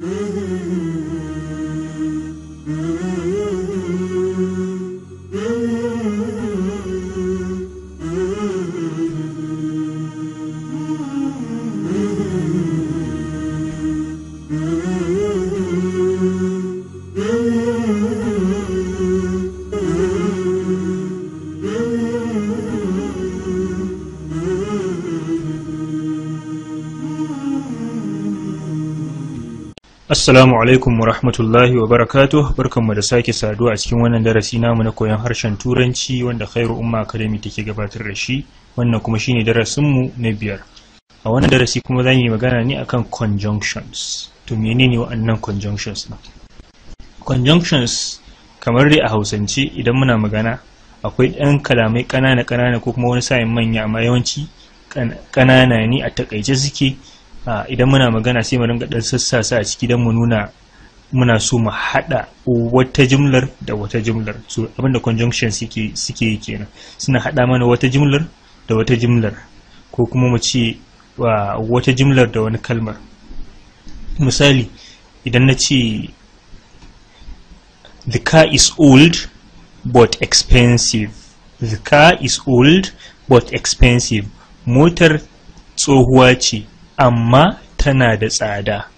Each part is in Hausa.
Mm-hmm. Assalamu alaikum wa rahmatullahi wa barakatuh barkanmu da sake saduwa a cikin wannan darasi namu na koyon harshen turanci wanda Khairu Umma Academy take gabatar da shi wannan kuma shine darasinmu na biyar a wannan darasi kuma za mu yi magana ne akan conjunctions to menene waɗannan conjunctions na. conjunctions kamar dai a Hausance idan muna magana akwai ɗan kalamai ƙanana ƙanana ko kuma wani sa'in manya amma yawanci ƙanana ne a takaice suke idan muna magana sai mu ringa dan sassasa a ciki dan mu nuna muna so mu hada wata jimlar da wata jumlar so abinda conjunction suke suke yi kenan suna hada mana wata jumlar da wata jumlar ko kuma mu ce wata jumlar da wani kalmar misali idan na ce the car is old but expensive the car is old but expensive motar tsohuwa ce amma tana da tsada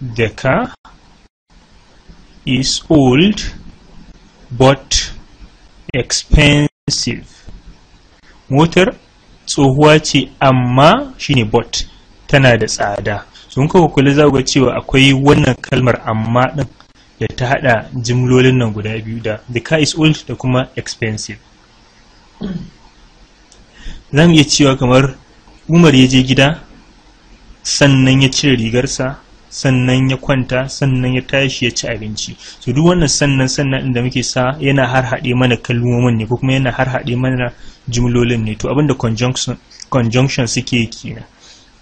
the car is old but expensive motar tsohuwa ce amma shine but tana da tsada sun kawo kula za ga cewa akwai wannan kalmar amma din da ta hada jimlolin nan guda biyu da the car is old da kuma expensive za iya cewa kamar umar ya je gida sannan ya cire rigarsa sannan ya kwanta sannan ya tashi ya ci abinci so duk wannan sannan sannan inda muke sa yana har haɗe mana kalmomin ne ko kuma yana har haɗe mana jimlolin ne to abinda conjunction conjunction suke kenan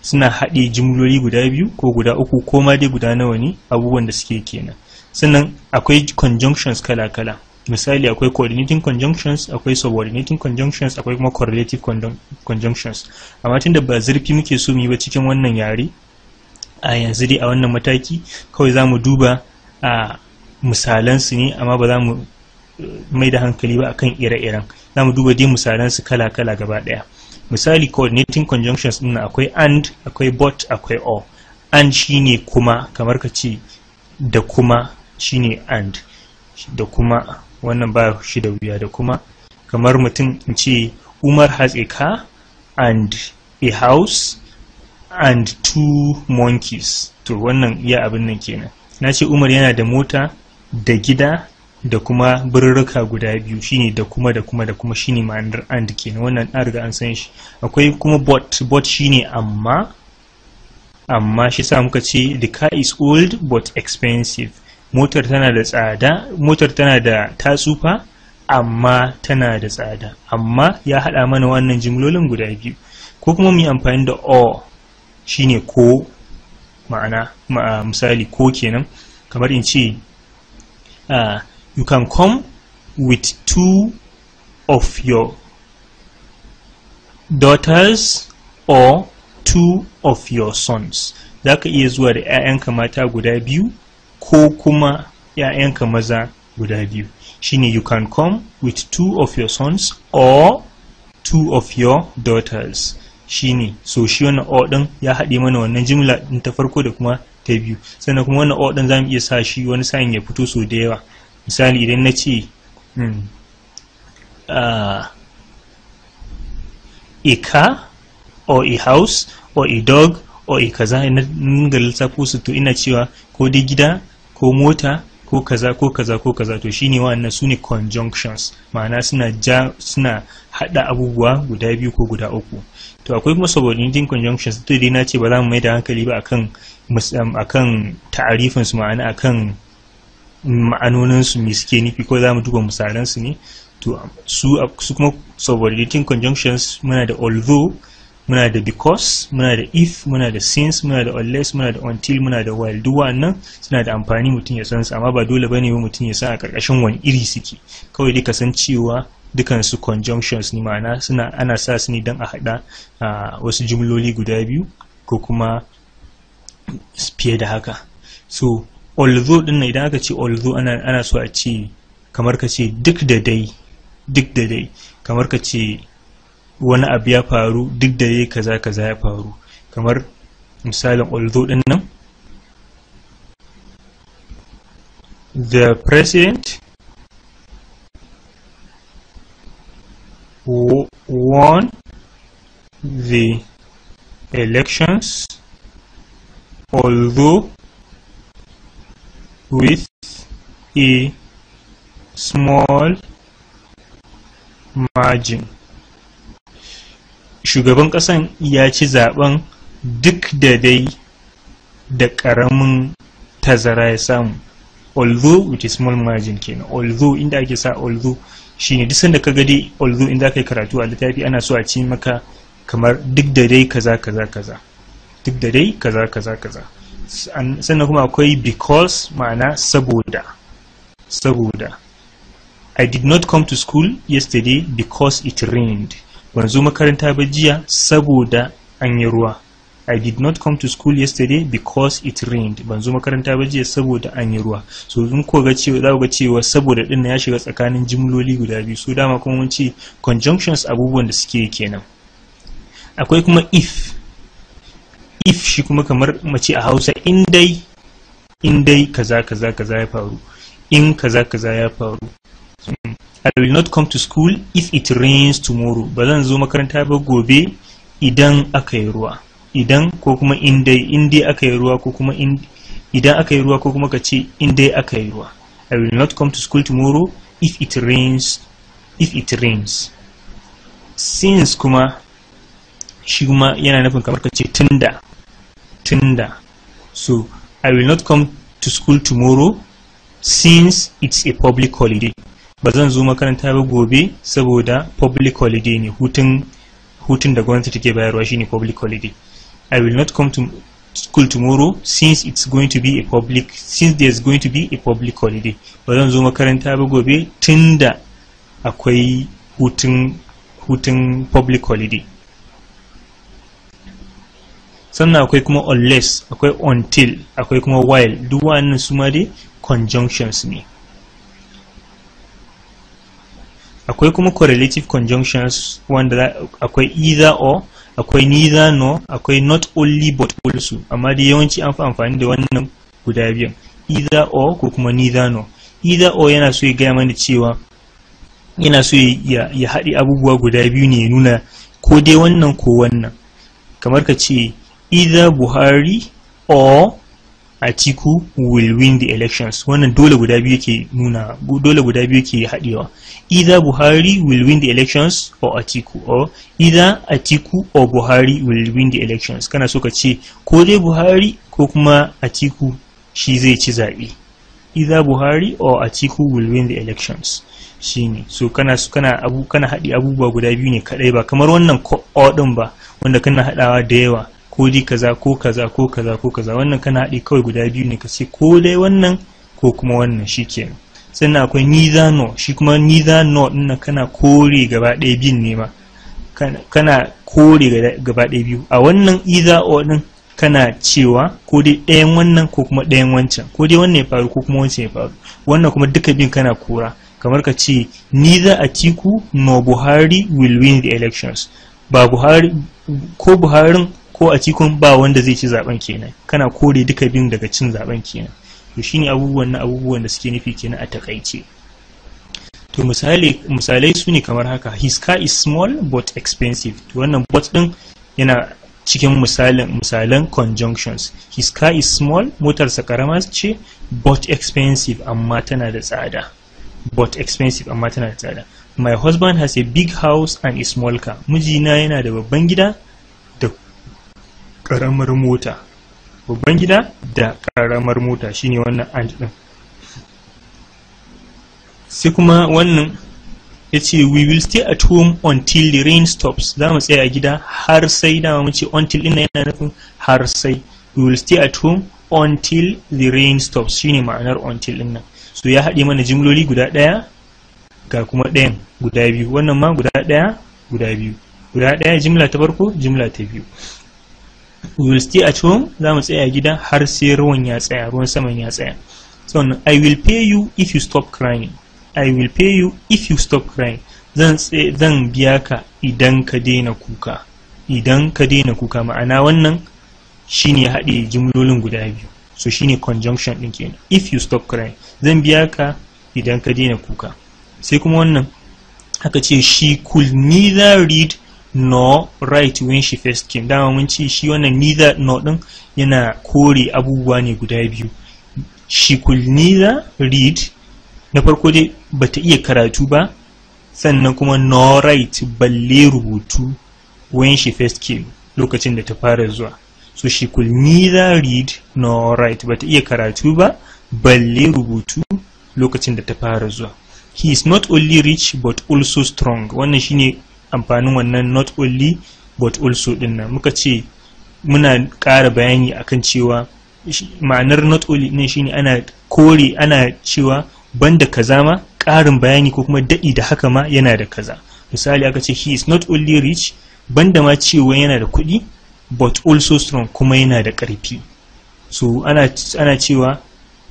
suna haɗe jimloli guda biyu ko guda uku ko ma dai guda nawa ne abubuwan da suke kenan sannan akwai conjunctions kala-kala misali akwai coordinating conjunctions akwai subordinating conjunctions akwai kuma correlative conjunctions amma da ba zurfi muke so mu ba cikin wannan yare a yanzu dai a wannan mataki kawai za mu duba a misalansu ne amma ba za mu eh, mai da hankali ba akan ire-iren za mu duba dai misalansu kala-kala gaba ɗaya misali coordinating conjunctions din akwai and akwai but akwai or and shine kuma kamar ka ce da kuma shine and da kuma wannan ba shi da wuya da kuma kamar mutum in ce umar has a car and a house and two monkeys to wannan iya abin nan kenan na ce umar yana da mota da gida da kuma birrika guda biyu shine da kuma da kuma da kuma shine ma'anar and kenan wannan an riga an san shi akwai kuma bot bot shine amma amma shi sa muka ce the car is old but expensive motar tana da tsada motar tana da tatsufa amma tana da tsada amma ya haɗa mana wannan jimlolin guda biyu ko kuma mu yi amfani da o shine ko ma'ana misali ko kenan kamar in ce you can come with two of your daughters or two of your sons za ka iya zuwa da 'ya'yanka mata guda biyu ko kuma ‘ya'yanka maza guda biyu shine you can come with two of your sons or two of your daughters shine so shi wannan or ya haɗe mana wannan jimla din ta farko da kuma ta biyu sannan kuma wannan or din zamu iya sa shi wani sa'in ya fito so da yawa misali idan na ce hmm, ah, a car or a house or a dog or a kaza ina ga lissafo su to ina cewa ko dai gida ko mota ko kaza ko kaza ko kaza to shine wa'annan su ne conjunctions ma'ana suna ja suna hada abubuwa guda biyu ko guda uku to akwai kuma subordinating conjunctions to dai na ce ba za mu mai da hankali ba akan um, akan ta'arifin su ma'ana akan ma'anonin su me suke nufi ko za mu duba misalan su ne to su su kuma subordinating conjunctions muna da although muna da because muna da if muna da since muna da unless muna da until muna da while duk wannan suna da amfani mutum ya san su amma ba dole bane ba mutum ya sa a karkashin wani iri suke kawai dai ka san cewa dukan su conjunctions ne ma'ana suna ana sa su ne don a hada wasu jumloli guda biyu ko kuma fiye da haka so although din idan aka ce although ana ana so a ce kamar ka ce duk da dai duk da dai kamar ka ce wani abu ya faru duk da yayi kaza kaza ya faru kamar misalin din nan the president won the elections although with a small margin shugaban ƙasan ya ci zaben duk da dai da ƙaramin tazara ya samu although with a small margin kenan although inda ake sa although shine duk sanda ka ga although inda za yi karatu a littafi ana so a ci maka kamar duk da dai kaza kaza kaza duk da dai kaza kaza kaza sannan kuma akwai because ma'ana saboda saboda i did not come to school yesterday because it rained ban zo makaranta ba jiya saboda an yi ruwa I did not come to school yesterday because it rained. Ban zo makaranta ba jiya saboda an yi ruwa. So in ko ga cewa za ga cewa saboda din ya shiga tsakanin jimloli guda biyu. So dama kuma mun ce conjunctions abubuwan da suke kenan. Akwai kuma if. If shi kuma kamar mace a Hausa in dai kaza kaza kaza ya faru. In kaza kaza ya faru. I will not come to school if it rains tomorrow ba zan zo makaranta ba gobe idan aka yi ruwa idan ko kuma in dai aka yi ruwa ko kuma idan aka yi ruwa ko kuma ka ce in dai aka yi ruwa I will not come to school tomorrow if it rains if it rains since kuma shi kuma yana nufin kamar ka ce tunda tunda so I will not come to school tomorrow since it's a public holiday ba zan zo makaranta ba gobe saboda public holiday ne hutun da gwamnati take bayarwa shine public holiday i will not come to school tomorrow since it's going to be a public since there's going to be a public holiday ba zan zo makaranta ba gobe tunda akwai hutun hutun public holiday sannan akwai kuma unless akwai until akwai kuma while duk wannan su ma dai conjunctions ne akwai kuma correlative conjunctions wanda akwai either or akwai neither nor akwai not only but also amma dai yawanci an fi amfani da wannan guda biyan either or ko kuma neither nor either or yana so ya gaya mana cewa yana so ya haɗe abubuwa guda biyu ne ya nuna ko dai wannan ko wannan kamar ka ce either buhari or Atiku will win the elections wannan dole guda biyu ke nuna dole guda biyu ke haɗewa either Buhari will win the elections or Atiku or either Atiku or Buhari will win the elections kana so ka ce ko dai Buhari ko kuma Atiku shi zai ci zaɓe either Buhari or Atiku will win the elections ne so kana so kana abu kana haɗi abubuwa guda biyu ne kadai ba kamar wannan ko ba wanda kana haɗawa da yawa koli kaza ko kaza ko kaza ko kaza wannan kana haɗe kawai guda biyu ne ka ce ko dai wannan ko kuma wannan shi ke sannan akwai nizano shi kuma nizano ɗinnan kana kore gaba ɗaya biyun ne ma kana kore gaba ɗaya biyu a wannan iza o ɗin kana cewa ko dai ɗayan wannan ko kuma ɗayan wancan ko dai wannan ya faru ko kuma wancan ya faru wannan kuma duka biyun kana kora kamar ka ce neither atiku no buhari will win the elections ba buhari ko buharin ko a cikin ba wanda zai ci zaben kenan kana kore duka biyun daga cin zaben kenan to shine abubuwan na abubuwan da suke nufi kenan a takaice to misalai su ne kamar haka his car is small but expensive to wannan but din yana cikin misalin misalan conjunctions his car is small motarsa karama ce but expensive amma tana da tsada but expensive amma tana da tsada my husband has a big house and a small car mijina yana da babban gida karamar mota babban gida da karamar mota shine wannan ant din sai kuma wannan ya ce we will stay at home until the rain stops za mu tsaya a gida har sai dama mu ce until din yana nufin har sai we will stay at home until the rain stops shine ma'anar until din nan so ya haɗe mana jimloli guda ɗaya ga kuma ɗayan guda biyu wannan ma guda ɗaya guda biyu guda ɗaya jimla ta farko jimla ta biyu we will stay at home za mu tsaya gida har sai ruwan ya tsaya ruwan saman ya tsaya so i will pay you if you stop crying i will pay you if you stop crying zan zan biya ka idan ka daina kuka idan ka daina kuka ma'ana wannan shine haɗe jimlolin guda biyu so shine conjunction ɗin kenan if you stop crying zan biya ka idan ka daina kuka sai kuma wannan aka ce she could neither read no right when she first came dama mun ce shi wannan neither no din yana kore abubuwa ne guda biyu she could neither read na farko dai bata iya karatu ba sannan kuma no right balle rubutu when she first came lokacin da ta fara zuwa so she could neither read nor write bata iya karatu ba balle rubutu lokacin da ta fara zuwa he is not only rich but also strong wannan shine amfanin wannan not only but also din nan muka ce muna ƙara bayani akan cewa ma'anar not only din shine ana kore ana cewa banda kaza ma ƙarin bayani ko kuma daɗi da haka ma yana da kaza misali aka ce he is not only rich banda ma cewa yana da kuɗi but also strong kuma yana da ƙarfi so ana, ana cewa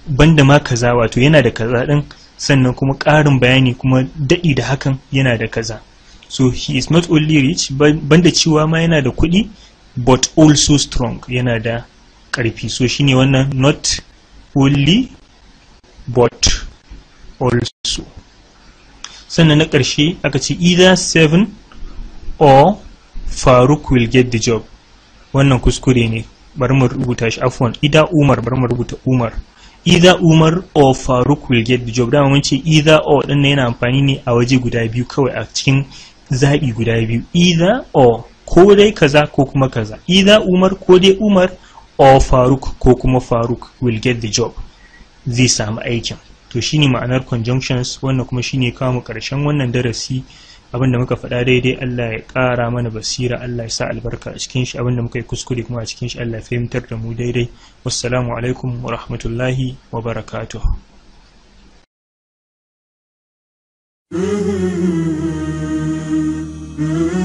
banda ma kaza wato yana da kaza ɗin sannan kuma ƙarin bayani kuma daɗi da hakan yana da kaza so he is not only rich banda cewa ma yana da kuɗi but also strong yana da ƙarfi so shi ne wannan not only but also sannan na ƙarshe aka ce either seven or faruk will get the job wannan kuskure ne bari mu rubuta shi afwan ida umar bari mu rubuta umar either umar or faruk will get the job dama mun ce either or din yana amfani ne a waje guda biyu kawai a cikin zaɓi guda biyu either or ko dai kaza ko kuma kaza either umar ko dai umar or faruk ko kuma faruk will get the job zai samu aikin to shine ma'anar conjunctions wannan kuma shine kawo karshen wannan darasi abin da muka faɗa daidai Allah ya ƙara mana basira Allah ya sa albarka a cikin shi abin da muka yi kuskure kuma a cikin shi Allah ya fahimtar da mu daidai wassalamu alaikum wa rahmatullahi wa barakatuh mm-hmm. Mm-hmm.